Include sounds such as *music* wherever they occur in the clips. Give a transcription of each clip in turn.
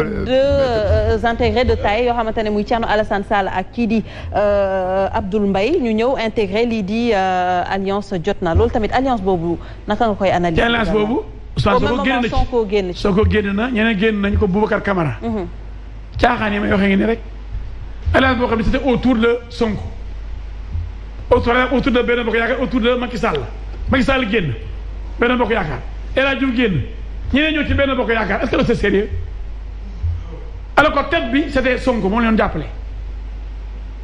Euh, deux euh, euh, intégrés de taille yoo xamante ne muy Thierno Alassane Sall ak kii di Abdoul Mbaye ñu ñëw intégré lii di alliance jot na loolu tamit alliance boobu naka nga koy analyser. boobu. soo ko génn soo ko génn ci soo génn na ñeneen ko Boubacar Camara. Mhm. caaxaan yi may waxee ngi nii rek. alliance boo xam ne c'était autour de Sonko. autour autour de Benno Bokk Yaakaar autour de Macky Sall Macky Sall génn Benno Bokk Yaakaar El Hadj Diouf génn ñeneen ñëw ci Benno Bokk Yaakaar est-ce que c'est alors que tête bi c' était Sonko moom jàppale.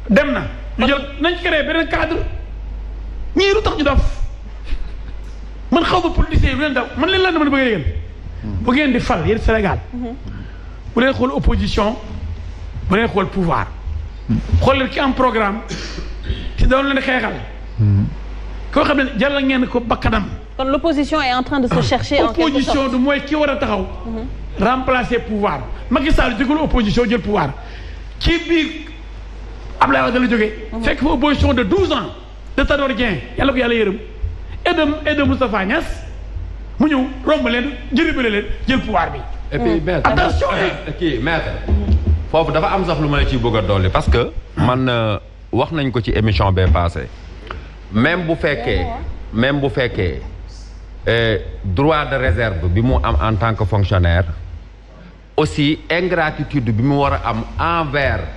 dem na ñu jël nañ créé beneen cadre ñii lu tax ñu dof man xaw ma politicien yi lu leen daw man leen la man bëgg yéen hmm. bu ngeen di fal yéen Sénégal hmm. bu ne xool opposition bu leen xool pouvoir hmm. xool leen ki am programme ci doon leen xeexal koo xam ne jàll ngeen ko bakkanam kon l' opposition est en train de se chercher opposition du mooy ki war a taxaw remplacer pouvoir Macky Sall jógul opposition jël pouvoir ci biir Abdoulaye Wade la jógee. Mhm. fekk fa opposition de 12 ans de Tanor Dieng yàlla ko yàlla yërëm et de et de mu ñëw romb leen jërëbale leen jël pouvoir bi. et mhm. euh, eh. foofu dafa am sax lu ma ci bëgg a dolli parce que. man euh, wax nañ ko ci émission bee passé même bu fekkee même bu fekkee euh, droit de réserve bi mu am en tant que fonctionnaire. aussi ingratitude bi mu war a am envers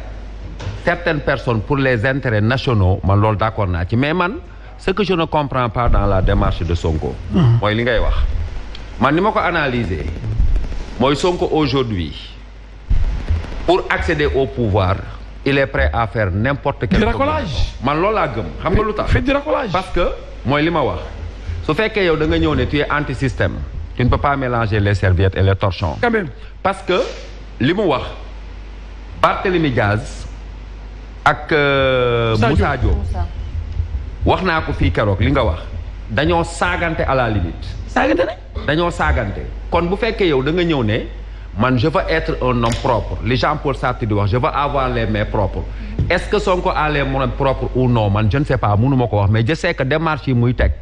certaines personnes pour les intérêts nationaux man loolu d'accord naa ci mais man ce que je ne comprends pas dans la démarche de Sonko mooy li ngay wax man ni ma ko analyser mooy Sonko aujourd'hui pour accéder au pouvoir il est près à faire n'importe quel racolage man loolu laa gëm xam nga lu tax fait parce que mooy li ma wax su fekkee yow da nga ñëw ne tu anti système il ne peut les serviettes et les torchons. quand même parce que li mu wax Barthélémy Diaz ak. Euh, Moussa Diop wax naa ko fii keroog li nga wax dañoo saagante à la limite. saagante ne. dañoo saagante kon bu fekkee yow da nga ñëw ne man je veux être un homme propre li Jean-Paul Sartre di wax je veux avoir les mains propres. est-ce que Sonko a les mains propres ou non man je ne sais pas mënu ma ko wax mais je sais que démarche yi muy teg.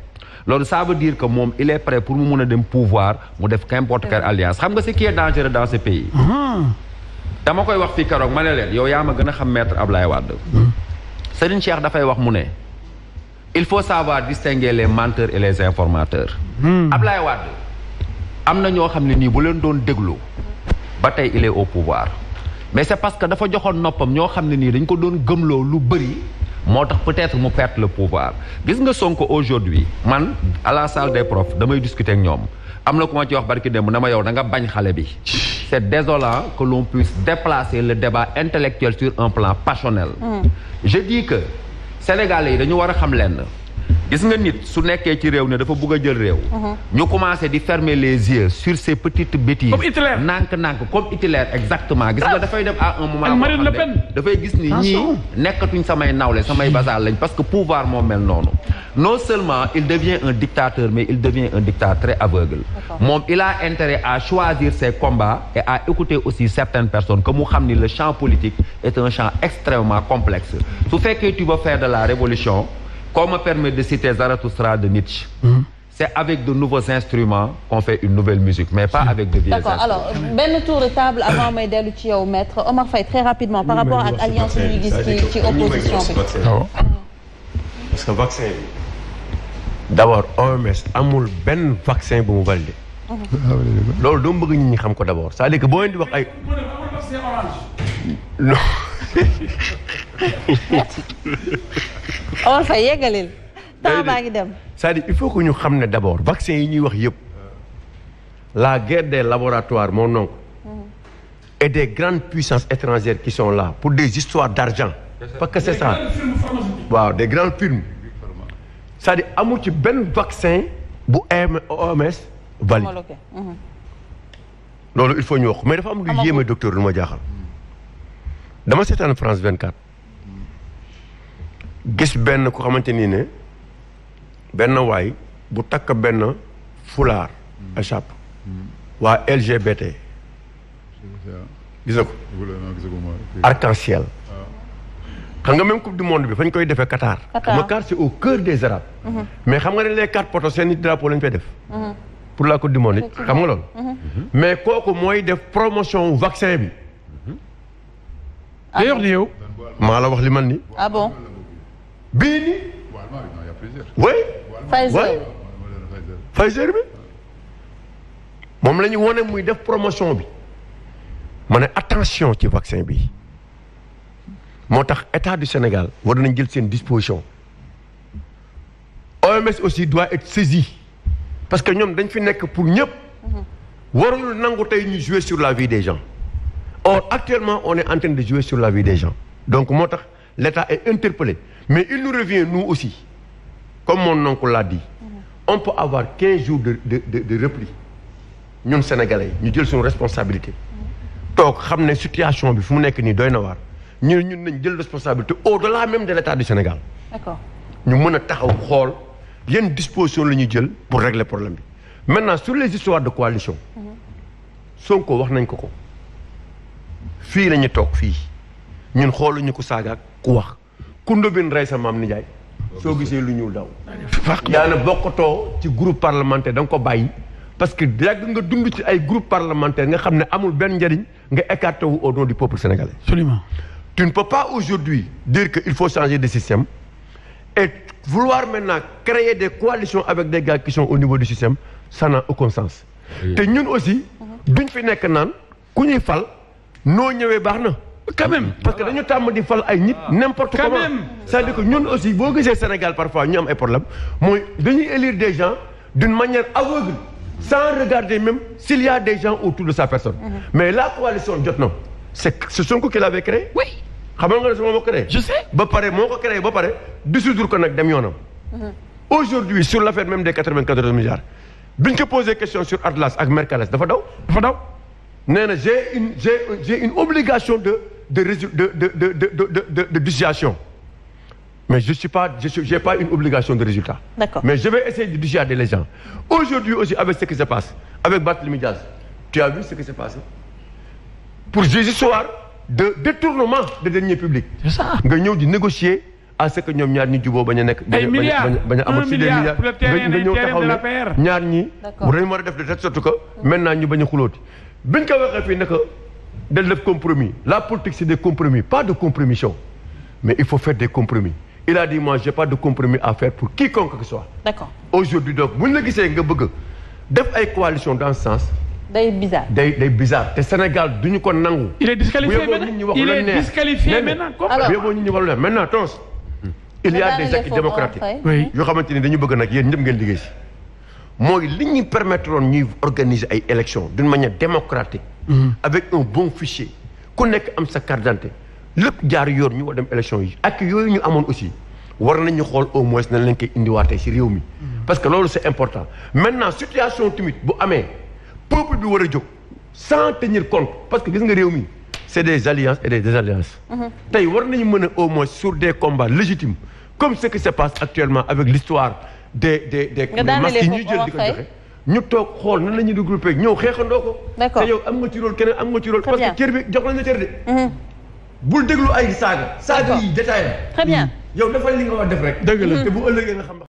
loolu ça veut ko moom il près pour mu mun a dem pouvoir mu def qu'importe quelle alliance xam nga ce qui est dangereux dans ce pays. Uh-huh. dama koy wax fii keroog ma ne leen yow yaa ma gën a xam maître Ablaye Wade. Uh-huh. Serigne Cheikh dafay wax mu ne. il faut savoir distinguer les menteurs et les informateurs. Uh-huh. Ablaye Wade am na ñoo xam ne nii bu leen doon déglu. ba tey il est au pouvoir mais c'est parce que dafa joxoon noppam ñoo xam ne nii dañ ko doon gëmloo lu bëri. moo tax peut-être mu perte le pouvoir gis nga Sonko aujourd'hui man à la des profs damay discuter ak ñoom am na ku ma ci wax barki démb na ma yow da nga bañ xale bi c'est désolant que l'on puisse déplacer le débat intellectuel sur un plan passionnel mm. je dis que sénégalais yi dañu war a xam lenn gis nga nit su nekkee ci réew ne dafa bugg a jël réew. Uh-huh. ñu commencé di fermer les yeux sur ces petites bêtises. comme Hitler nànk-nànk comme Hitler exactement. gis nga ah. dafay dem à un moment. Marine Le Pen dafay gis ni ñii nekkatuñ samay nawle samay basaal lañ parce que pouvoir moo mel noonu. non seulement il devient un dictateur mais il devient un dictateur très aveugle. moom il a intérêt à choisir ses combats et à écouter aussi certaines personnes que mu xam ni le champ politique est un champ extrêmement complexe su fekkee tu veux faire de la révolution qu'on me permet de citer Zarathustra de Nietzsche. Hmm. c'est avec de nouveaux instruments qu'on fait une nouvelle musique mais pas hmm. avec de vieux instruments. avant may dellu ci yow maître Omar Faye très rapidement par rapport ak alliance yu ñu gis ci ci opposition bi. Ah ah parce que vaccin bi d'abord OMS amul benn vaccin bu mu validé. Mhm. Ah loolu doo bëgg nit ñi xam ko d'abord c'est-à-dire que boo leen di wax ay. *laughs* awal oh, fa yeggalil temps baa ngi dem cest à il faut que ñu xam ne d'abord vaccin yi ñuy wax yëpp la guerre des laboratoires mon oncle mm-hmm. et des grandes puissances étrangères qui sont la pour des histoires d'argent parce que c'est ça waaw des grands films cest ci benn vaccin bu OMS valide mm-hmm. loolu il faut ñu wax mais dafa am lu yéeme docteur lu ma jaaxal dama seetaan France gis benn ku xamante nii ne benn waay bu takk benn fulaar mm. a chap waa LGBT gis na ko arc ah. xam nga même coupe du monde bi fañ koy defee Qatar xam nga Qatar au cœur des arabes mm-hmm. mais xam nga ne les quatre poteaux seen i drapeau lañ fay def mm-hmm. pour la coupe du monde xam nga loolu mm-hmm. mais kooku mooy def promotion vaccin bi te yox ni yow maa la wax li man ni ah bii nii. oui. Pfizer Pfizer bi. moom lañuy ñu wone muy def promotion bi ma ne attention ci vaccin bi moo tax état du Sénégal war nañ jël seen disposition OMS aussi doit être saisi parce que ñoom dañ fi nekk pour ñëpp. Mm-hmm. waruñu nangu tey ñu jouer sur la vie des gens or actuellement on est en train de jouer sur la vie des gens donc moo tax l'État est interpellé. Mais il nous revient, nous aussi, comme mon oncle l'a dit, on peut avoir 15 jours de, de, de, de repli. Nous, Sénégalais, nous avons une responsabilité. Donc, nous la situation, nous avons nous jël responsabilité au-delà même de l'État du Sénégal. D'accord. Nous avons taxaw il y a une disposition la ñuy jël pour régler le problème bi maintenant sur les histoires de coalition. ko wax nañ ko ko. fii la toog fii ñun ñu ko saagaak ku wax. Koundobin rey sa maam nijaay soo gisee lu ñuul daw yaa ne bokkatoo ci groupe parlementaire da nga ko bàyyi parce que yàgg nga dund ci ay groupe parlementaire nga xam ne amul benn njariñ nga écarté wu au nom du peuple sénégalais absolument tu ne peux pas aujourd'hui dire que il faut changer de système et vouloir maintenant créer des coalitions avec des gars au niveau du système ça n'a aucun sens te ñun aussi duñ fi nekk naan ku ñuy fal noo ñëwee baax na quand même parce que dañu tàmm di fal ay nit ah. n'importe comment c'est-à-dire ñun aussi boo gisee Sénégal parfois ñu am ay problème mooy dañuy élire des gens d'une manière aveugle sans regarder même s'il a des gens autour de sa personne mm-hmm. mais la coalition jot na c'est c'est Sonko qui l'avait créé oui xam nga ne sama moo ko créé ba pare moo ko créé ba pare dissoudre ko nag dem yoonam mm-hmm. aujourd'hui sur l'affaire même des 94 milliards biñ ko posé question sur Atlas ak Mercalès dafa daw dafa obligation de de de de de de de dissuasion mais je suis pas je suis j'ai pas une obligation de résultat. d'accord mais je vais essayer de dissuader les gens. aujourd'hui aussi avec ce qui se passe avec Barthélémy Diaz tu as vu ce qui se passe pour des histoires de détournement de deniers publics. nga ñëw di négocier. à ce que ñoom ñaar ñi juboo bañ a nekk. ay milliards un milliard pour le terrain de la a def de telle sorte que. maintenant ñu bañ a xulóoti dañ def compromis la politique c'est des compromis pas de compromission mais il faut faire des compromis il a dit moi j'ai pas de compromis à faire pour quiconque que soit aujourd'hui donc buñ la gisee nga bëgg def ay coalition dans ce sens day bizarre day te Sénégal duñu ko nangu il est disqualifié maintenant il est il y a des yoo xamante ni dañu bëgg nag yéen ñëpp ngeen liggéey si mooy li ñuy permettre woon ñuy organiser ay élections d'une manière démocratique Mm-hmm. avec un bon fichier ku nekk am sa carte d'identité lépp jaar yoon ñu war dem élection yi ak yooyu ñu amoon aussi war nañu xool au moins nañ leen koy indiwaatee si réew mi mm-hmm. parce que loolu c'est important maintenant situation timide bu amee peuple bi war a jóg sans tenir compte parce que gis nga réew mi c'est des alliances et des désalliances mm-hmm. tey war nañu mën a au moins sur des combats légitimes comme ce qui se passe actuellement avec l'histoire des des des masques yi ñuy jël di ko joxe ñu toog xool nan la ñu regroupé ñëw xeexandoo ko. d'accord te yow am nga ci rôle keneen am nga ci rôle. parce que cër bi jox mhm. bul déglu ay saaga. saaga yi détaillé. très bien mhm. yow defal li nga war def rek. dëgg la te bu ëllëgee nga xam.